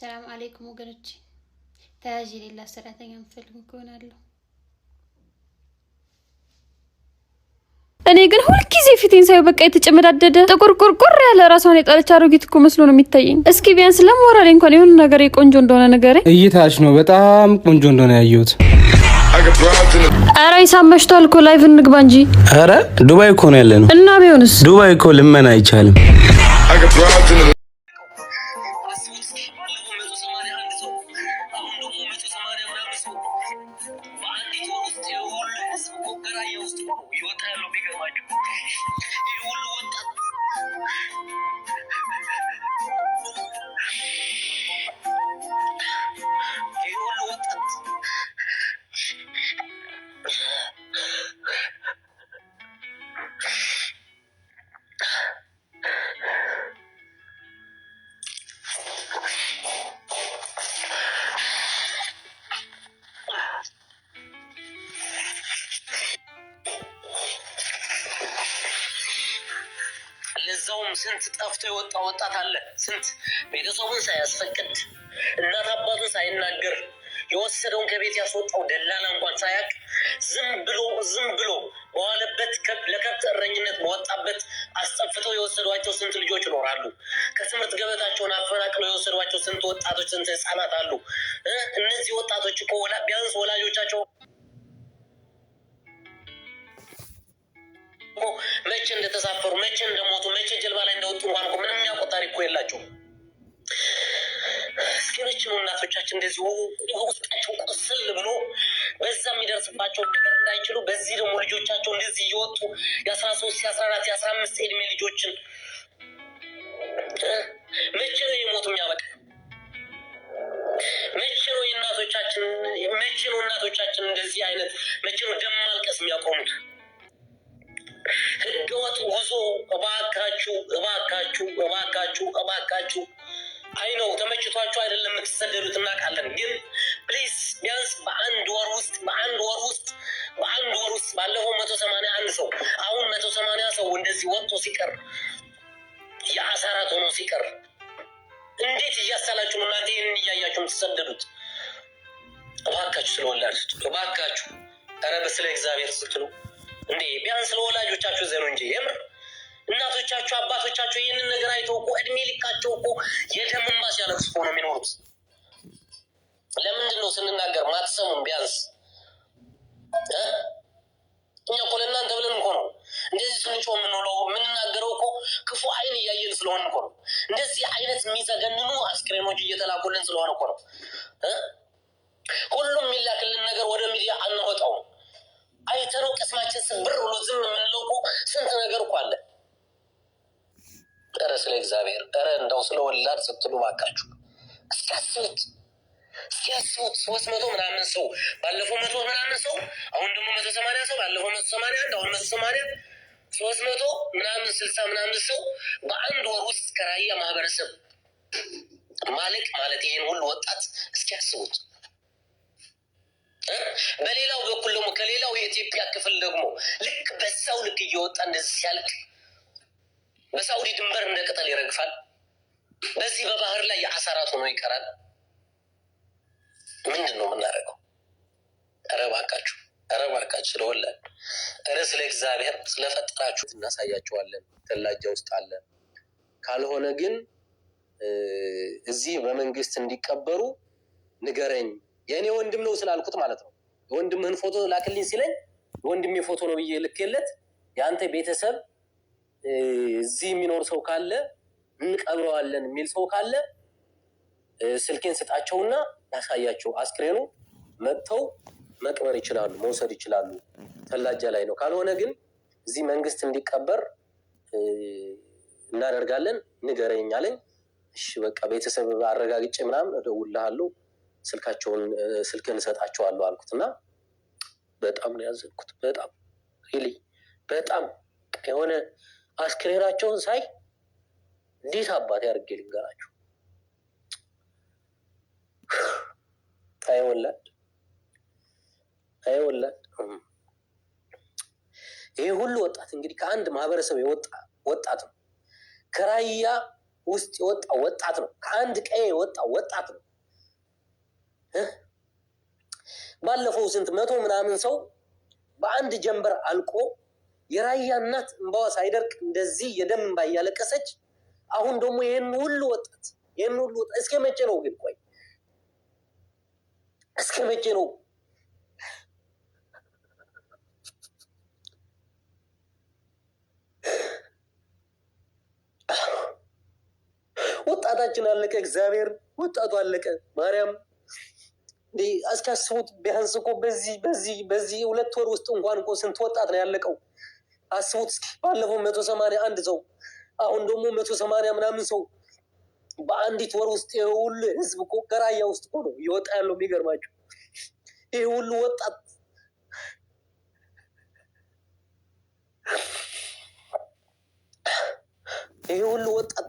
ሰላም አሌይኩም ወገኖች፣ ተያዥ የሌላ ሰራተኛ ምፈልግ ይሆናለሁ። እኔ ግን ሁልጊዜ ፊቴን ሳየው በቃ የተጨመዳደደ ጥቁር ቁርቁር ያለ ራሷን የጣለች አሮጊት እኮ መስሎ ነው የሚታየኝ። እስኪ ቢያንስ ለሞራሌ እንኳን የሆነ ነገር የቆንጆ እንደሆነ ንገረኝ። እይታች ነው በጣም ቆንጆ እንደሆነ ያየሁት። አረ ይሳም መሽቷል እኮ ላይቭ እንግባ እንጂ። አረ ዱባይ እኮ ነው ያለ ነው እና ቢሆንስ ዱባይ እኮ ልመና አይቻልም። ስንት ጠፍቶ የወጣ ወጣት አለ። ስንት ቤተሰቡን ሳያስፈቅድ እናት አባቱን ሳይናገር የወሰደውን ከቤት ያስወጣው ደላላ እንኳን ሳያቅ ዝም ብሎ ዝም ብሎ በዋለበት ለከብት እረኝነት በወጣበት አስጠፍተው የወሰዷቸው ስንት ልጆች ይኖራሉ። ከትምህርት ገበታቸውን አፈናቅለው የወሰዷቸው ስንት ወጣቶች፣ ስንት ህጻናት አሉ። እነዚህ ወጣቶች እኮ ቢያንስ ወላጆቻቸው መቼ እንደተሳፈሩ መቼ እንደሞቱ የሚያውቁት እንኳን እኮ ምንም የሚያውቁት ታሪክ እኮ የላቸውም። ነው እናቶቻችን እንደዚህ ውስጣቸው ቁስል ብሎ በዛ የሚደርስባቸው ነገር እንዳይችሉ በዚህ ደግሞ ልጆቻቸው እንደዚህ እየወጡ የአስራ ሶስት የአስራ አራት የአስራ አምስት እድሜ ልጆችን መቼ ነው የሞቱ የሚያበቃ? መቼ ነው የእናቶቻችን መቼ ነው እናቶቻችን እንደዚህ አይነት መቼ ነው ደም ማልቀስ የሚያቆሙት? ህይወት ጉዞ እባካችሁ እባካችሁ እባካችሁ እባካችሁ። አይ ነው ተመችቷችሁ አይደለም የምትሰደዱት፣ እናውቃለን። ግን ፕሊስ ቢያንስ በአንድ ወር ውስጥ በአንድ ወር ውስጥ በአንድ ወር ውስጥ ባለፈው መቶ ሰማንያ አንድ ሰው አሁን መቶ ሰማንያ ሰው እንደዚህ ወጥቶ ሲቀር የአሳራት ሆኖ ሲቀር እንዴት እያሳላችሁ ነው እናንተ ይህንን እያያችሁ የምትሰደዱት? እባካችሁ ስለወላድ እባካችሁ፣ ኧረ ስለ እግዚአብሔር ስትሉ እንዴ ቢያንስ ለወላጆቻችሁ ዘኑ እንጂ የምር እናቶቻችሁ አባቶቻችሁ ይህንን ነገር አይተው እኮ እድሜ ልካቸው እኮ የደም እንባ ሲያለቅሱ እኮ ነው የሚኖሩት። ለምንድን ነው ስንናገር ማትሰሙን? ቢያንስ እኛ እኮ ለእናንተ ብለን እኮ ነው እንደዚህ ስንጮ የምንውለው የምንናገረው እኮ ክፉ አይን እያየን ስለሆን እኮ ነው። እንደዚህ አይነት የሚዘገንኑ አስክሬኖች እየተላኩልን ስለሆነ እኮ ነው። ሁሉም የሚላክልን ነገር ወደ ሚዲያ አንወጣውም። አይተነው ቅስማችን ስንብር ብሎ ዝም የምንለው ስንት ነገር እኮ አለ። ኧረ ስለ እግዚአብሔር ኧረ እንደው ስለ ወላድ ስትሉ ባካችሁ እስኪያስቡት እስኪያስቡት ሶስት መቶ ምናምን ሰው ባለፈው መቶ ምናምን ሰው አሁን ደግሞ መቶ ሰማንያ ሰው ባለፈው መቶ ሰማንያ አንድ አሁን መቶ ሰማንያ ሶስት መቶ ምናምን ስልሳ ምናምን ሰው በአንድ ወር ውስጥ ከራያ ማህበረሰብ ማለቅ ማለት ይህን ሁሉ ወጣት እስኪያስቡት በሌላው በኩል ደግሞ ከሌላው የኢትዮጵያ ክፍል ደግሞ ልክ በዛው ልክ እየወጣ እንደዚህ ሲያልቅ በሳውዲ ድንበር እንደ ቅጠል ይረግፋል። በዚህ በባህር ላይ የአሳራት ሆኖ ይቀራል። ምንድን ነው የምናደርገው? ኧረ እባካችሁ፣ ኧረ እባካችሁ ስለወላድ፣ ኧረ ስለ እግዚአብሔር ስለፈጠራችሁ እናሳያቸዋለን። ተላጃ ውስጥ አለ ካልሆነ ግን እዚህ በመንግስት እንዲቀበሩ ንገረኝ የእኔ ወንድም ነው ስላልኩት ማለት ነው። የወንድምህን ፎቶ ላክልኝ ሲለኝ የወንድሜ ፎቶ ነው ብዬ ልክለት፣ የአንተ ቤተሰብ እዚህ የሚኖር ሰው ካለ እንቀብረዋለን የሚል ሰው ካለ ስልኬን ስጣቸውና ያሳያቸው አስክሬኑ መጥተው መቅበር ይችላሉ፣ መውሰድ ይችላሉ። ተላጃ ላይ ነው። ካልሆነ ግን እዚህ መንግስት እንዲቀበር እናደርጋለን፣ ንገረኝ አለኝ። እሺ በቃ ቤተሰብ አረጋግጬ ምናምን እደውልልሃለሁ ስልካቸውን ስልክን እሰጣቸዋለሁ አልኩት እና በጣም ነው ያዘንኩት። በጣም ሪሊ በጣም የሆነ አስክሬናቸውን ሳይ እንዴት አባቴ አድርጌ ልንገራቸው። አይወላድ አይወላድ ይሄ ሁሉ ወጣት እንግዲህ ከአንድ ማህበረሰብ የወጣ ወጣት ነው። ከራያ ውስጥ የወጣ ወጣት ነው። ከአንድ ቀዬ የወጣ ወጣት ነው። ባለፈው ስንት መቶ ምናምን ሰው በአንድ ጀንበር አልቆ የራያ እናት እንባዋ ሳይደርቅ እንደዚህ የደም እንባ እያለቀሰች፣ አሁን ደግሞ ይህን ሁሉ ወጣት ይህን ሁሉ ወጣት እስከ መቼ ነው ግን? ቆይ እስከ መቼ ነው? ወጣታችን አለቀ። እግዚአብሔር ወጣቱ አለቀ። ማርያም እስኪ አስቡት ቢያንስ እኮ በዚህ በዚህ በዚህ ሁለት ወር ውስጥ እንኳን እኮ ስንት ወጣት ነው ያለቀው? አስቡት እስኪ ባለፈው መቶ ሰማንያ አንድ ሰው አሁን ደግሞ መቶ ሰማንያ ምናምን ሰው በአንዲት ወር ውስጥ ይህ ሁሉ ህዝብ እኮ ገራያ ውስጥ እኮ ነው ያለው። የሚገርማቸው ይህ ሁሉ ወጣት ይህ ሁሉ ወጣት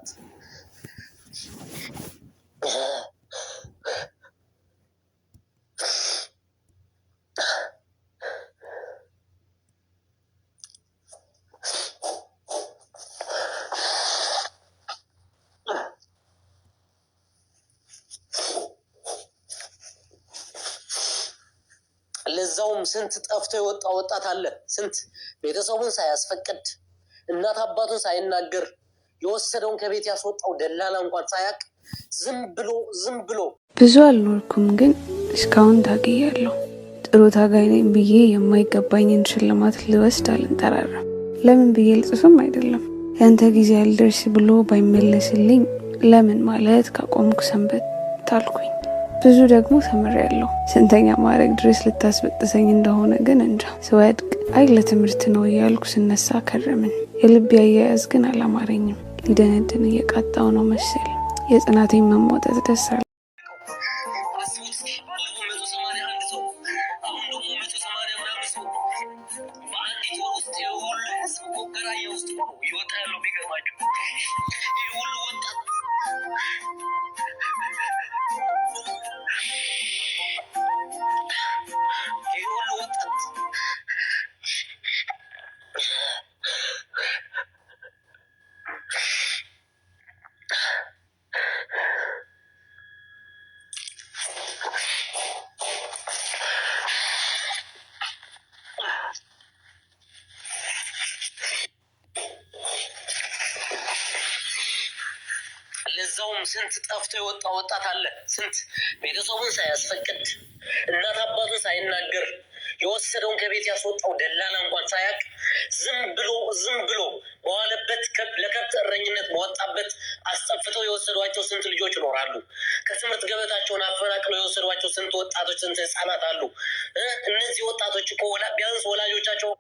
አሁንም ስንት ጠፍቶ የወጣ ወጣት አለ። ስንት ቤተሰቡን ሳያስፈቅድ እናት አባቱን ሳይናገር የወሰደውን ከቤት ያስወጣው ደላላ እንኳን ሳያቅ ዝም ብሎ ዝም ብሎ ብዙ አልኖርኩም፣ ግን እስካሁን ታግያለሁ። ጥሩ ታጋይ ነኝ ብዬ የማይገባኝን ሽልማት ልወስድ አልንጠራራም። ለምን ብዬ ልጽፍም አይደለም ያንተ ጊዜ ያልደርስ ብሎ ባይመለስልኝ ለምን ማለት ካቆምኩ ሰንበት ታልኩኝ። ብዙ ደግሞ ተምሬያለሁ። ስንተኛ ማድረግ ድረስ ልታስበጥሰኝ እንደሆነ ግን እንጃ። ስወድቅ አይ ለትምህርት ነው እያልኩ ስነሳ ከረምን። የልቤ አያያዝ ግን አላማረኝም። ሊደነድን እየቃጣው ነው መሰል። የጽናቴን መሟጠጥ ደስ አለ አሁን ስንት ጠፍቶ የወጣ ወጣት አለ። ስንት ቤተሰቡን ሳያስፈቅድ እናት አባቱን ሳይናገር የወሰደውን ከቤት ያስወጣው ደላላ እንኳን ሳያቅ ዝም ብሎ ዝም ብሎ በዋለበት ለከብት እረኝነት በወጣበት አስጠፍተው የወሰዷቸው ስንት ልጆች ይኖራሉ። ከትምህርት ገበታቸውን አፈናቅለው የወሰዷቸው ስንት ወጣቶች፣ ስንት ህፃናት አሉ። እነዚህ ወጣቶች እኮ ቢያንስ ወላጆቻቸው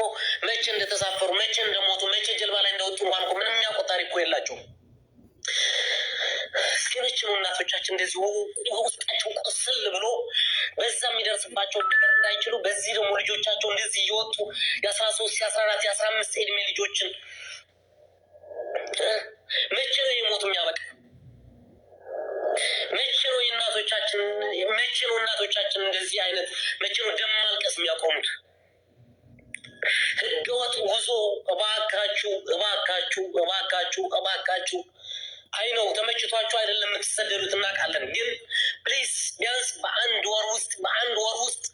እኮ መቼ እንደተሳፈሩ መቼ እንደሞቱ መቼ ጀልባ ላይ እንደወጡ እንኳን እኮ ምንም የሚያውቁት ታሪክ እኮ የላቸውም። ነው እናቶቻችን እንደዚህ ውስጣቸው ቁስል ብሎ በዛ የሚደርስባቸው ነገር እንዳይችሉ በዚህ ደግሞ ልጆቻቸው እንደዚህ እየወጡ የአስራ ሶስት የአስራ አራት የአስራ አምስት እድሜ ልጆችን መቼ ነው የሞቱ የሚያበቃ? መቼ ነው የእናቶቻችን መቼ ነው እናቶቻችን እንደዚህ አይነት መቼ ነው ደም ማልቀስ የሚያቆሙት? ህገወጥ ጉዞ እባካችሁ እባካችሁ እባካችሁ እባካችሁ አይ ነው ተመችቷችሁ አይደለም የምትሰደዱት፣ እናውቃለን። ግን ፕሊስ ቢያንስ በአንድ ወር ውስጥ በአንድ ወር ውስጥ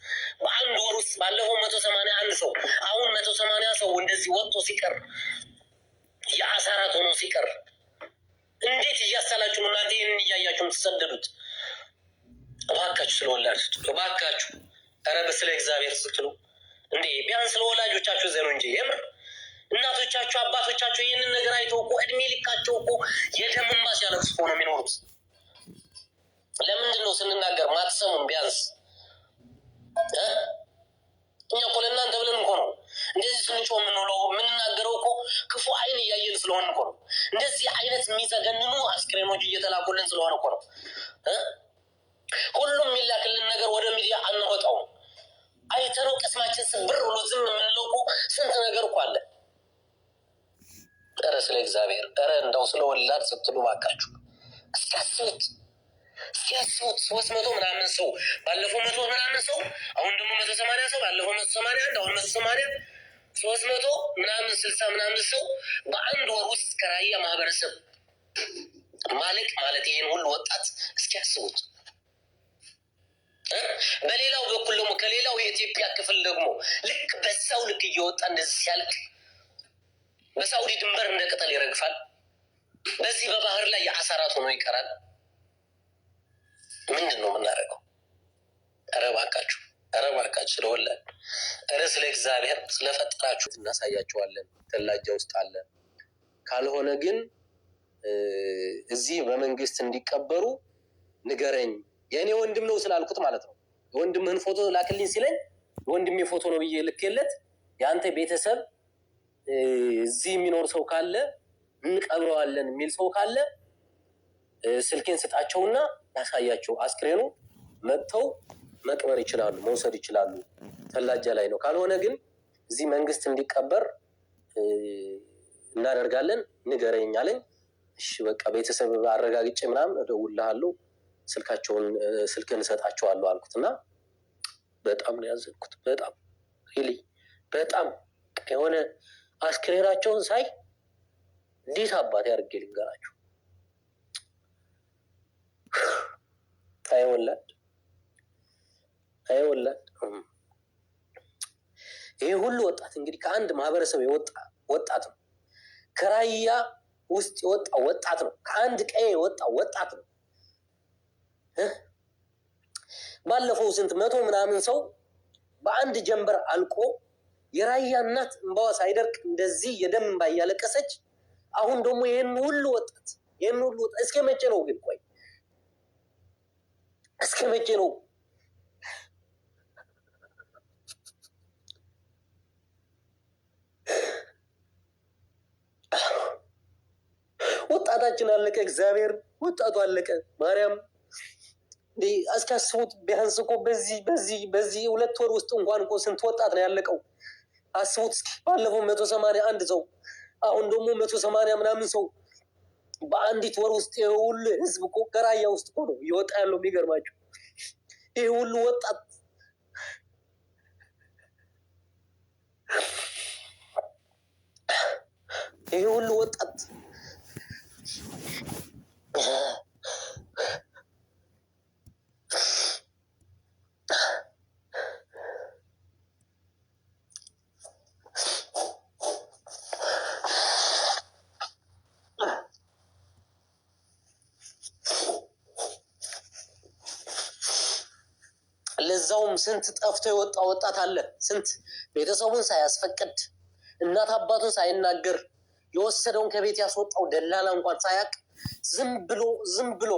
በአንድ ወር ውስጥ ባለፈው መቶ ሰማንያ አንድ ሰው አሁን መቶ ሰማንያ ሰው እንደዚህ ወጥቶ ሲቀር የአሳራት ሆኖ ሲቀር እንዴት እያሳላችሁ ነው እናንተ ይህንን እያያችሁ የምትሰደዱት? እባካችሁ ስለወላድ እባካችሁ፣ ኧረ በስለ እግዚአብሔር ስትሉ እንዴ ቢያንስ ለወላጆቻችሁ ዘኑ እንጂ የምር እናቶቻችሁ አባቶቻችሁ ይህንን ነገር አይተው እኮ እድሜ ልካቸው እኮ የደም እንባ ሲያለቅሱ እኮ ነው የሚኖሩት። ለምንድን ነው ስንናገር ማትሰሙን? ቢያንስ እኛ እኮ ለእናንተ ብለን እኮ ነው እንደዚህ ስንጮ የምንውለው የምንናገረው እኮ ክፉ አይን እያየን ስለሆን እኮ ነው። እንደዚህ አይነት የሚዘገንኑ አስክሬኖች እየተላኩልን ስለሆነ እኮ ነው። ሁሉም የሚላክልን ነገር ወደ ሚዲያ አንወጣውም። አይተነው ቅስማችን ስንብር ብሎ ዝም የምንለው ስንት ነገር እኮ አለ። ረ ስለ እግዚአብሔር ረ እንደው ስለ ወላድ ስትሉ ባካችሁ እስኪያስቡት እስኪያስቡት ሶስት መቶ ምናምን ሰው ባለፈው መቶ ምናምን ሰው አሁን ደግሞ መቶ ሰማንያ ሰው ባለፈው መቶ ሰማንያ አንድ አሁን መቶ ሰማንያ ሶስት መቶ ምናምን ስልሳ ምናምን ሰው በአንድ ወር ውስጥ ከራያ ማህበረሰብ ማለቅ ማለት ይህን ሁሉ ወጣት እስኪያስቡት በሌላው በኩል ደግሞ ከሌላው የኢትዮጵያ ክፍል ደግሞ ልክ በዛው ልክ እየወጣ እንደዚህ ሲያልቅ በሳውዲ ድንበር እንደ ቅጠል ይረግፋል። በዚህ በባህር ላይ የአሳራት ሆኖ ይቀራል። ምንድን ነው የምናደርገው? ኧረ እባካችሁ፣ ኧረ እባካችሁ ኧረ ስለ እግዚአብሔር ስለፈጠራችሁ እናሳያቸዋለን። ተላጃ ውስጥ አለ ካልሆነ ግን እዚህ በመንግስት እንዲቀበሩ ንገረኝ የእኔ ወንድም ነው ስላልኩት ማለት ነው። የወንድምህን ፎቶ ላክልኝ ሲለኝ የወንድሜ ፎቶ ነው ብዬ ልክለት፣ የአንተ ቤተሰብ እዚህ የሚኖር ሰው ካለ እንቀብረዋለን የሚል ሰው ካለ ስልኬን ስጣቸውና ያሳያቸው አስክሬኑ መጥተው መቅበር ይችላሉ፣ መውሰድ ይችላሉ። ፈላጃ ላይ ነው። ካልሆነ ግን እዚህ መንግስት እንዲቀበር እናደርጋለን፣ ንገረኝ አለኝ። እሺ በቃ ቤተሰብ አረጋግጬ ምናምን እደውልልሃለሁ ስልካቸውን ስልክን እሰጣቸዋለሁ አልኩት እና በጣም ነው ያዘንኩት። በጣም ሪሊ በጣም የሆነ አስክሬናቸውን ሳይ እንዴት አባቴ አድርጌ ልንገራቸው። አይወላድ አይወላድ ይሄ ሁሉ ወጣት እንግዲህ ከአንድ ማህበረሰብ የወጣ ወጣት ነው። ከራያ ውስጥ የወጣ ወጣት ነው። ከአንድ ቀዬ የወጣ ወጣት ነው። ባለፈው ስንት መቶ ምናምን ሰው በአንድ ጀንበር አልቆ የራያ እናት እንባዋ ሳይደርቅ እንደዚህ የደም እንባ እያለቀሰች፣ አሁን ደግሞ ይህን ሁሉ ወጣት ይህን ሁሉ ወጣት እስከ መቼ ነው ግን? ቆይ እስከ መቼ ነው? ወጣታችን አለቀ። እግዚአብሔር ወጣቱ አለቀ። ማርያም እስኪ አስቡት ቢያንስ እኮ በዚህ በዚህ በዚህ ሁለት ወር ውስጥ እንኳን እኮ ስንት ወጣት ነው ያለቀው? አስቡት እስኪ ባለፈው መቶ ሰማንያ አንድ ሰው አሁን ደግሞ መቶ ሰማንያ ምናምን ሰው በአንዲት ወር ውስጥ ይህ ሁሉ ህዝብ እኮ ገራያ ውስጥ እኮ ነው እየወጣ ያለው። የሚገርማቸው ይህ ሁሉ ወጣት ይህ ሁሉ ወጣት በዛውም ስንት ጠፍቶ የወጣ ወጣት አለ። ስንት ቤተሰቡን ሳያስፈቅድ እናት አባቱን ሳይናገር የወሰደውን ከቤት ያስወጣው ደላላ እንኳን ሳያቅ ዝም ብሎ ዝም ብሎ